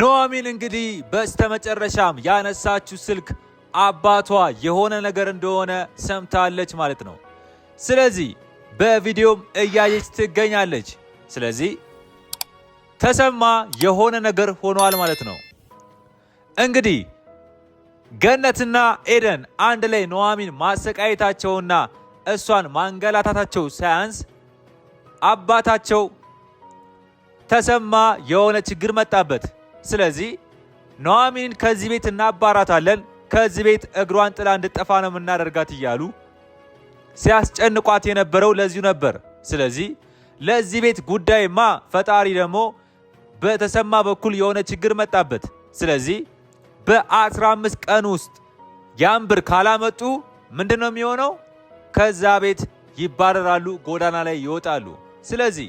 ኑሐሚን እንግዲህ በስተመጨረሻም ያነሳችው ስልክ አባቷ የሆነ ነገር እንደሆነ ሰምታለች ማለት ነው። ስለዚህ በቪዲዮም እያየች ትገኛለች። ስለዚህ ተሰማ የሆነ ነገር ሆኗል ማለት ነው። እንግዲህ ገነትና ኤደን አንድ ላይ ኑሐሚን ማሰቃየታቸውና እሷን ማንገላታታቸው ሳያንስ አባታቸው ተሰማ የሆነ ችግር መጣበት። ስለዚህ ኑኃሚንን ከዚህ ቤት እናባራታለን፣ ከዚህ ቤት እግሯን ጥላ እንድጠፋ ነው የምናደርጋት እያሉ ሲያስጨንቋት የነበረው ለዚሁ ነበር። ስለዚህ ለዚህ ቤት ጉዳይማ ፈጣሪ ደግሞ በተሰማ በኩል የሆነ ችግር መጣበት። ስለዚህ በ15 ቀን ውስጥ ያን ብር ካላመጡ ምንድን ነው የሚሆነው? ከዛ ቤት ይባረራሉ፣ ጎዳና ላይ ይወጣሉ። ስለዚህ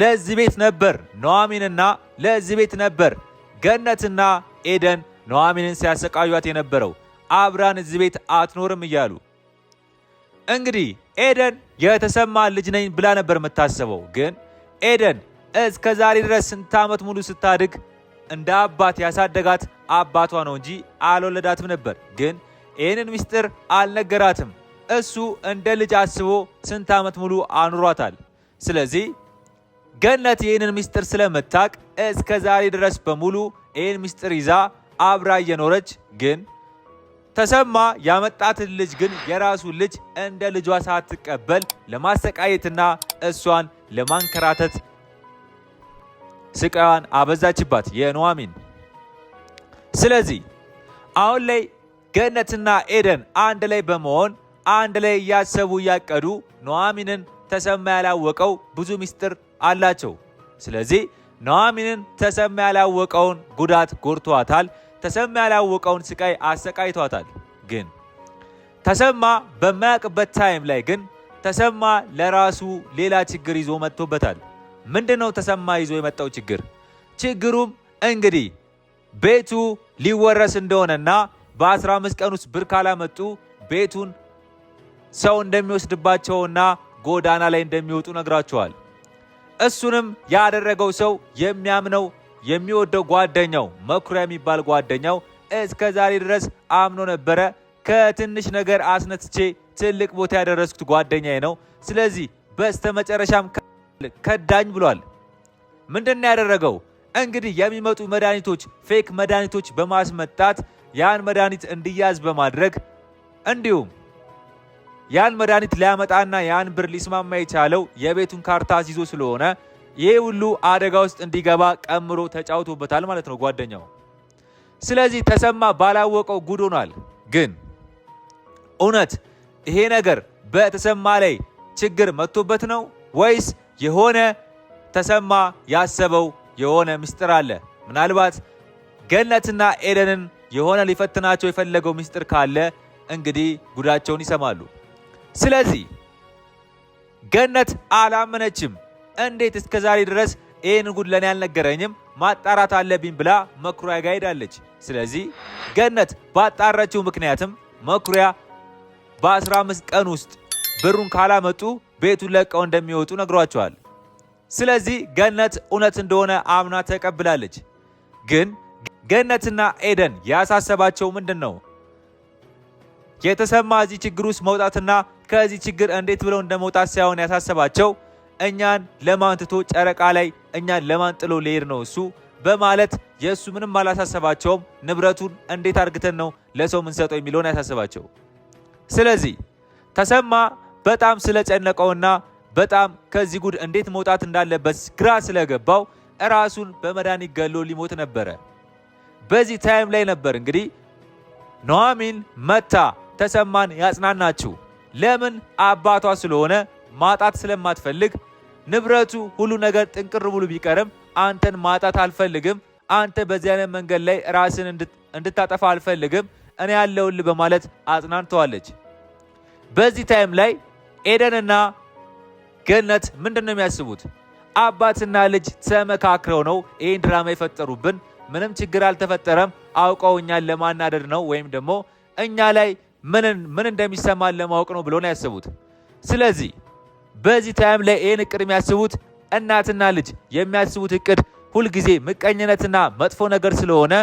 ለዚህ ቤት ነበር ኑኃሚንና ለዚህ ቤት ነበር ገነትና ኤደን ኑኃሚንን ሲያሰቃዩት የነበረው አብራን እዚህ ቤት አትኖርም እያሉ እንግዲህ ኤደን የተሰማ ልጅ ነኝ ብላ ነበር የምታስበው። ግን ኤደን እስከ ዛሬ ድረስ ስንት ዓመት ሙሉ ስታድግ እንደ አባት ያሳደጋት አባቷ ነው እንጂ አልወለዳትም ነበር። ግን ይህንን ምስጢር አልነገራትም። እሱ እንደ ልጅ አስቦ ስንት ዓመት ሙሉ አኑሯታል። ስለዚህ ገነት ይህንን ምስጢር ስለምታቅ እስከ ዛሬ ድረስ በሙሉ ይህን ምስጢር ይዛ አብራ እየኖረች ግን ተሰማ ያመጣትን ልጅ ግን የራሱን ልጅ እንደ ልጇ ሳትቀበል ለማሰቃየትና እሷን ለማንከራተት ስቃዋን አበዛችባት የኑሐሚን። ስለዚህ አሁን ላይ ገነትና ኤደን አንድ ላይ በመሆን አንድ ላይ እያሰቡ እያቀዱ ኑሐሚንን ተሰማ ያላወቀው ብዙ ምስጢር አላቸው። ስለዚህ ኑኃሚንን ተሰማ ያላወቀውን ጉዳት ጎድቷታል። ተሰማ ያላወቀውን ስቃይ አሰቃይቷታል። ግን ተሰማ በማያውቅበት ታይም ላይ ግን ተሰማ ለራሱ ሌላ ችግር ይዞ መጥቶበታል። ምንድነው ተሰማ ይዞ የመጣው ችግር? ችግሩም እንግዲህ ቤቱ ሊወረስ እንደሆነና በ15 ቀን ውስጥ ብር ካላመጡ ቤቱን ሰው እንደሚወስድባቸውና ጎዳና ላይ እንደሚወጡ ነግራቸዋል። እሱንም ያደረገው ሰው የሚያምነው የሚወደው ጓደኛው መኩሪያ የሚባል ጓደኛው እስከ ዛሬ ድረስ አምኖ ነበረ። ከትንሽ ነገር አስነትቼ ትልቅ ቦታ ያደረስኩት ጓደኛዬ ነው። ስለዚህ በስተ መጨረሻም ከዳኝ ብሏል። ምንድን ያደረገው? እንግዲህ የሚመጡ መድኃኒቶች፣ ፌክ መድኃኒቶች በማስመጣት ያን መድኃኒት እንዲያዝ በማድረግ እንዲሁም ያን መድኃኒት ሊያመጣና ያን ብር ሊስማማ የቻለው የቤቱን ካርታ ይዞ ስለሆነ ይህ ሁሉ አደጋ ውስጥ እንዲገባ ቀምሮ ተጫውቶበታል ማለት ነው ጓደኛው። ስለዚህ ተሰማ ባላወቀው ጉድ ሆኗል። ግን እውነት ይሄ ነገር በተሰማ ላይ ችግር መጥቶበት ነው ወይስ የሆነ ተሰማ ያሰበው የሆነ ምስጢር አለ? ምናልባት ገነትና ኤደንን የሆነ ሊፈትናቸው የፈለገው ምስጢር ካለ እንግዲህ ጉዳቸውን ይሰማሉ። ስለዚህ ገነት አላመነችም። እንዴት እስከ ዛሬ ድረስ ይህን ጉድ ለእኔ አልነገረኝም ማጣራት አለብኝ ብላ መኩሪያ ጋር ሄዳለች። ስለዚህ ገነት ባጣረችው ምክንያትም መኩሪያ በ15 ቀን ውስጥ ብሩን ካላመጡ ቤቱን ለቀው እንደሚወጡ ነግሯቸዋል። ስለዚህ ገነት እውነት እንደሆነ አምና ተቀብላለች። ግን ገነትና ኤደን ያሳሰባቸው ምንድን ነው? የተሰማ እዚህ ችግር ውስጥ መውጣትና ከዚህ ችግር እንዴት ብለው እንደመውጣት ሳይሆን ያሳሰባቸው እኛን ለማን ትቶ ጨረቃ ላይ እኛን ለማን ጥሎ ሊሄድ ነው እሱ በማለት የእሱ ምንም አላሳሰባቸውም። ንብረቱን እንዴት አርግተን ነው ለሰው ምንሰጠው የሚለውን ያሳሰባቸው። ስለዚህ ተሰማ በጣም ስለጨነቀውና በጣም ከዚህ ጉድ እንዴት መውጣት እንዳለበት ግራ ስለገባው እራሱን በመድኃኒት ገሎ ሊሞት ነበረ። በዚህ ታይም ላይ ነበር እንግዲህ ኑሐሚን መታ ተሰማን ያጽናናችሁ። ለምን አባቷ ስለሆነ ማጣት ስለማትፈልግ ንብረቱ ሁሉ ነገር ጥንቅር ብሎ ቢቀርም አንተን ማጣት አልፈልግም። አንተ በዚህ አይነት መንገድ ላይ ራስን እንድታጠፋ አልፈልግም። እኔ ያለውል በማለት አጽናንተዋለች። በዚህ ታይም ላይ ኤደንና ገነት ምንድን ነው የሚያስቡት? አባትና ልጅ ተመካክረው ነው ይህን ድራማ የፈጠሩብን። ምንም ችግር አልተፈጠረም፣ እኛን ለማናደድ ነው ወይም ደግሞ እኛ ላይ ምን እንደሚሰማን ለማወቅ ነው ብሎ ነው ያስቡት። ስለዚህ በዚህ ታይም ላይ ይህን እቅድ የሚያስቡት እናትና ልጅ የሚያስቡት እቅድ ሁልጊዜ ምቀኝነትና መጥፎ ነገር ስለሆነ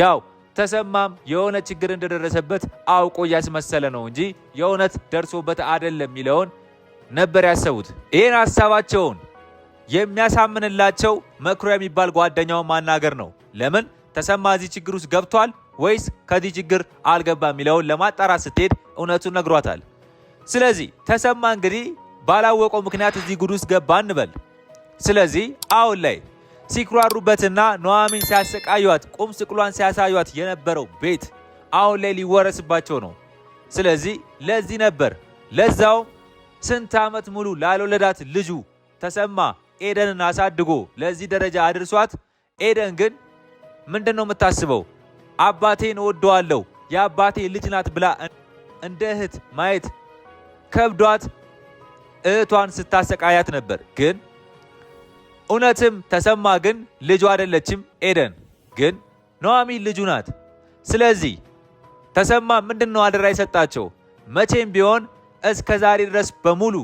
ያው ተሰማም የሆነ ችግር እንደደረሰበት አውቆ እያስመሰለ ነው እንጂ የእውነት ደርሶበት አይደለም የሚለውን ነበር ያሰቡት። ይህን ሀሳባቸውን የሚያሳምንላቸው መኩሪያ የሚባል ጓደኛውን ማናገር ነው። ለምን ተሰማ እዚህ ችግር ውስጥ ገብቷል ወይስ ከዚህ ችግር አልገባ የሚለውን ለማጣራት ስትሄድ እውነቱን ነግሯታል። ስለዚህ ተሰማ እንግዲህ ባላወቀው ምክንያት እዚህ ጉድ ውስጥ ገባ እንበል። ስለዚህ አሁን ላይ ሲኩራሩበትና ኑሐሚን ሲያሰቃዩት ቁም ስቅሏን ሲያሳዩት የነበረው ቤት አሁን ላይ ሊወረስባቸው ነው። ስለዚህ ለዚህ ነበር ለዛውም ስንት ዓመት ሙሉ ላልወለዳት ልጁ ተሰማ ኤደንን አሳድጎ ለዚህ ደረጃ አድርሷት። ኤደን ግን ምንድን ነው የምታስበው? አባቴን እወደዋለሁ የአባቴ ልጅ ናት ብላ እንደ እህት ማየት ከብዷት እህቷን ስታሰቃያት ነበር። ግን እውነትም ተሰማ ግን ልጁ አይደለችም። ኤደን ግን ኑሐሚን ልጁ ናት። ስለዚህ ተሰማ ምንድን ነው አደራ የሰጣቸው? መቼም ቢሆን እስከ ዛሬ ድረስ በሙሉ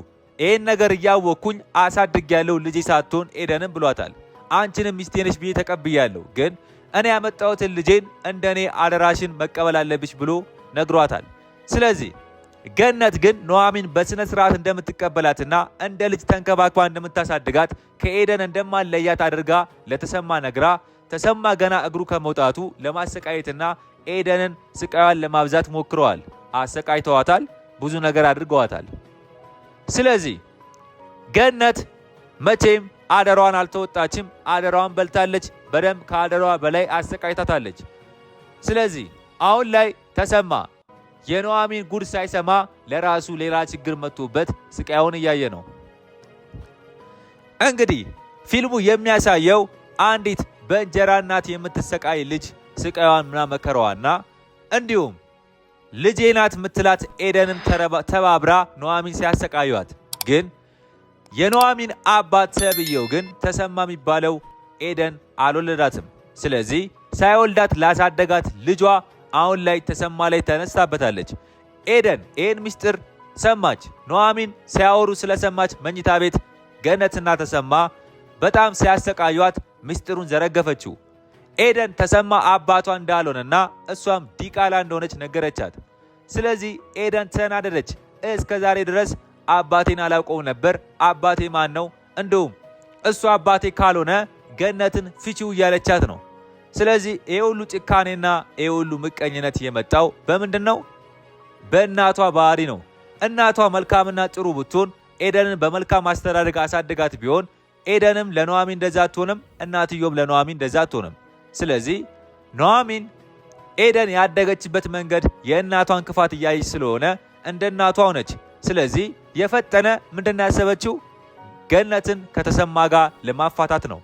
ይህን ነገር እያወቅኩኝ አሳድግ ያለው ልጄ ሳትሆን ኤደንም ብሏታል። አንቺንም ሚስቴ ነሽ ብዬ ተቀብያለሁ ግን እኔ ያመጣሁትን ልጄን እንደ እኔ አደራሽን መቀበል አለብሽ ብሎ ነግሯታል። ስለዚህ ገነት ግን ኑሐሚን በሥነ ሥርዓት እንደምትቀበላትና እንደ ልጅ ተንከባክባ እንደምታሳድጋት ከኤደን እንደማለያት አድርጋ ለተሰማ ነግራ ተሰማ ገና እግሩ ከመውጣቱ ለማሰቃየትና ኤደንን ስቃዩን ለማብዛት ሞክረዋል። አሰቃይተዋታል። ብዙ ነገር አድርገዋታል። ስለዚህ ገነት መቼም አደሯን አልተወጣችም። አደሯን በልታለች። በደም ከአደሯ በላይ አሰቃይታታለች። ስለዚህ አሁን ላይ ተሰማ የኑሐሚን ጉድ ሳይሰማ ለራሱ ሌላ ችግር መጥቶበት ስቃዩን እያየ ነው። እንግዲህ ፊልሙ የሚያሳየው አንዲት በእንጀራ እናት የምትሰቃይ ልጅ ስቃዩን ምና መከራዋና እንዲሁም ልጄ ናት የምትላት ኤደንን ተባብራ ኖዋሚን ሲያሰቃዩት ግን የኖዋሚን አባት ሰብየው ግን ተሰማ የሚባለው ኤደን አልወለዳትም። ስለዚህ ሳይወልዳት ላሳደጋት ልጇ አሁን ላይ ተሰማ ላይ ተነስታበታለች። ኤደን ይህን ምስጢር ሰማች። ኑሐሚን ሲያወሩ ስለሰማች መኝታ ቤት ገነትና ተሰማ በጣም ሲያሰቃዩት ምስጢሩን ዘረገፈችው። ኤደን ተሰማ አባቷ እንዳልሆነና እሷም ዲቃላ እንደሆነች ነገረቻት። ስለዚህ ኤደን ተናደደች። እስከ ዛሬ ድረስ አባቴን አላውቀውም ነበር። አባቴ ማን ነው? እንዲሁም እሱ አባቴ ካልሆነ ገነትን ፍቺው እያለቻት ነው። ስለዚህ ይሄ ሁሉ ጭካኔና ይሄ ሁሉ ምቀኝነት የመጣው በምንድን ነው? በእናቷ ባህሪ ነው። እናቷ መልካምና ጥሩ ብትሆን ኤደንን በመልካም አስተዳደግ አሳድጋት ቢሆን ኤደንም ለኑሐሚን እንደዛ አትሆንም፣ እናትዮም ለኑሐሚን እንደዛ አትሆንም። ስለዚህ ኑሐሚን ኤደን ያደገችበት መንገድ የእናቷን ክፋት እያየች ስለሆነ እንደ እናቷ ሆነች። ስለዚህ የፈጠነ ምንድን ያሰበችው ገነትን ከተሰማ ጋር ለማፋታት ነው።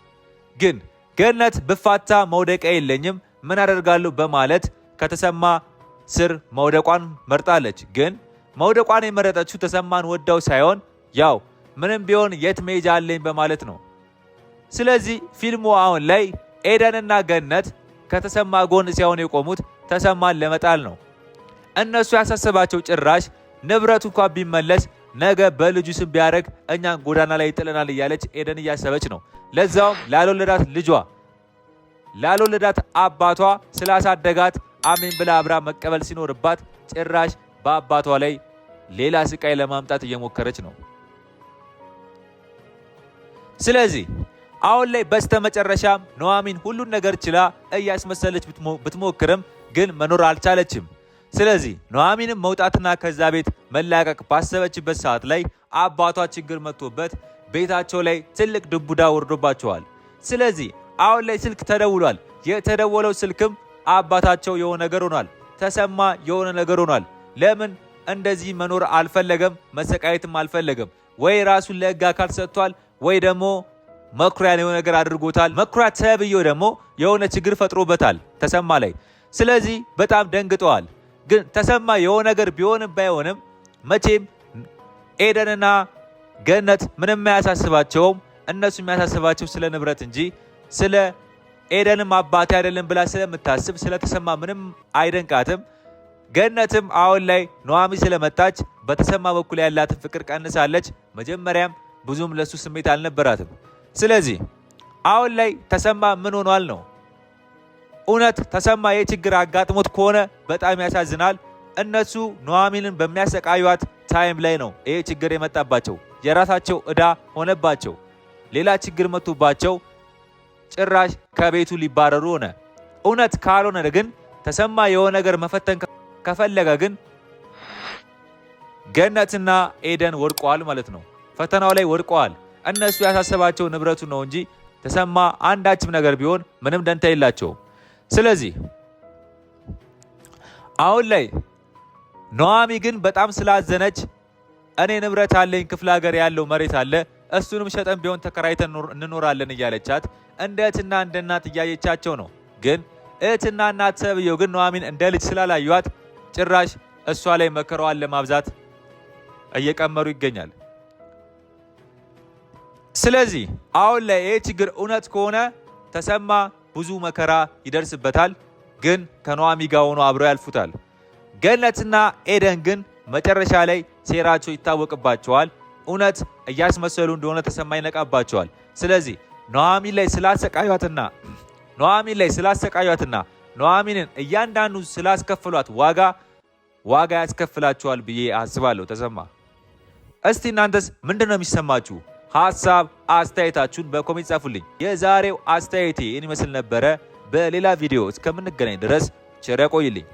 ግን ገነት ብፋታ መውደቂያ የለኝም ምን አደርጋለሁ በማለት ከተሰማ ስር መውደቋን መርጣለች። ግን መውደቋን የመረጠችው ተሰማን ወደው ሳይሆን ያው ምንም ቢሆን የት መሄጃ አለኝ በማለት ነው። ስለዚህ ፊልሙ አሁን ላይ ኤደንና ገነት ከተሰማ ጎን ሲሆን የቆሙት ተሰማን ለመጣል ነው። እነሱ ያሳሰባቸው ጭራሽ ንብረቱ እንኳ ቢመለስ ነገ በልጁ ስም ቢያደርግ እኛን ጎዳና ላይ ይጥለናል እያለች ኤደን እያሰበች ነው። ለዛውም ላልወለዳት ልጇ ላልወለዳት አባቷ ስላሳደጋት አሜን ብላ አብራ መቀበል ሲኖርባት ጭራሽ በአባቷ ላይ ሌላ ስቃይ ለማምጣት እየሞከረች ነው። ስለዚህ አሁን ላይ በስተመጨረሻም ኑሃሚን ሁሉን ነገር ችላ እያስመሰለች ብትሞክርም ግን መኖር አልቻለችም። ስለዚህ ኑሃሚንም መውጣትና ከዛ ቤት መላቀቅ ባሰበችበት ሰዓት ላይ አባቷ ችግር መጥቶበት ቤታቸው ላይ ትልቅ ድቡዳ ወርዶባቸዋል። ስለዚህ አሁን ላይ ስልክ ተደውሏል። የተደወለው ስልክም አባታቸው የሆነ ነገር ሆኗል። ተሰማ የሆነ ነገር ሆኗል። ለምን እንደዚህ መኖር አልፈለገም፣ መሰቃየትም አልፈለገም። ወይ ራሱን ለሕግ አካል ሰጥቷል፣ ወይ ደግሞ መኩሪያ የሆነ ነገር አድርጎታል። መኩሪያ ተብዮ ደግሞ የሆነ ችግር ፈጥሮበታል ተሰማ ላይ። ስለዚህ በጣም ደንግጠዋል። ግን ተሰማ የሆነ ነገር ቢሆንም ባይሆንም መቼም ኤደንና ገነት ምንም አያሳስባቸውም። እነሱ የሚያሳስባቸው ስለ ንብረት እንጂ ስለ ኤደንም አባቴ አይደለም ብላ ስለምታስብ ስለተሰማ ምንም አይደንቃትም። ገነትም አሁን ላይ ኑሐሚ ስለመጣች በተሰማ በኩል ያላትን ፍቅር ቀንሳለች። መጀመሪያም ብዙም ለሱ ስሜት አልነበራትም። ስለዚህ አሁን ላይ ተሰማ ምን ሆኗል ነው? እውነት ተሰማ ይህ ችግር አጋጥሞት ከሆነ በጣም ያሳዝናል። እነሱ ኑሐሚንን በሚያሰቃዩት ታይም ላይ ነው ይህ ችግር የመጣባቸው። የራሳቸው እዳ ሆነባቸው። ሌላ ችግር መቶባቸው ጭራሽ ከቤቱ ሊባረሩ ሆነ። እውነት ካልሆነ ግን ተሰማ የሆነ ነገር መፈተን ከፈለገ ግን ገነትና ኤደን ወድቀዋል ማለት ነው። ፈተናው ላይ ወድቀዋል። እነሱ ያሳሰባቸው ንብረቱ ነው እንጂ ተሰማ አንዳችም ነገር ቢሆን ምንም ደንታ የላቸውም። ስለዚህ አሁን ላይ ኑሃሚ ግን በጣም ስላዘነች እኔ ንብረት አለኝ፣ ክፍለ ሀገር ያለው መሬት አለ፣ እሱንም ሸጠን ቢሆን ተከራይተን እንኖራለን እያለቻት እንደ እህትና እንደ እናት እያየቻቸው ነው። ግን እህትና እናት ሰብየው ግን ኑሐሚን እንደ ልጅ ስላላዩዋት ጭራሽ እሷ ላይ መከራዋን ለማብዛት እየቀመሩ ይገኛል። ስለዚህ አሁን ላይ ይህ ችግር እውነት ከሆነ ተሰማ ብዙ መከራ ይደርስበታል፣ ግን ከኑሐሚን ጋር ሆኖ አብረው ያልፉታል። ገነትና ኤደን ግን መጨረሻ ላይ ሴራቸው ይታወቅባቸዋል። እውነት እያስመሰሉ እንደሆነ ተሰማ ይነቃባቸዋል። ስለዚህ ኑኃሚን ላይ ስላሰቃዩትና ኑኃሚን ላይ ስላሰቃዩትና ኑኃሚንን እያንዳንዱ ስላስከፍሏት ዋጋ ዋጋ ያስከፍላቸዋል ብዬ አስባለሁ። ተሰማ እስቲ እናንተስ ምንድን ነው የሚሰማችሁ? ሀሳብ አስተያየታችሁን በኮሜንት ጻፉልኝ። የዛሬው አስተያየቴ ይህን ይመስል ነበረ። በሌላ ቪዲዮ እስከምንገናኝ ድረስ ቸር ያቆይልኝ።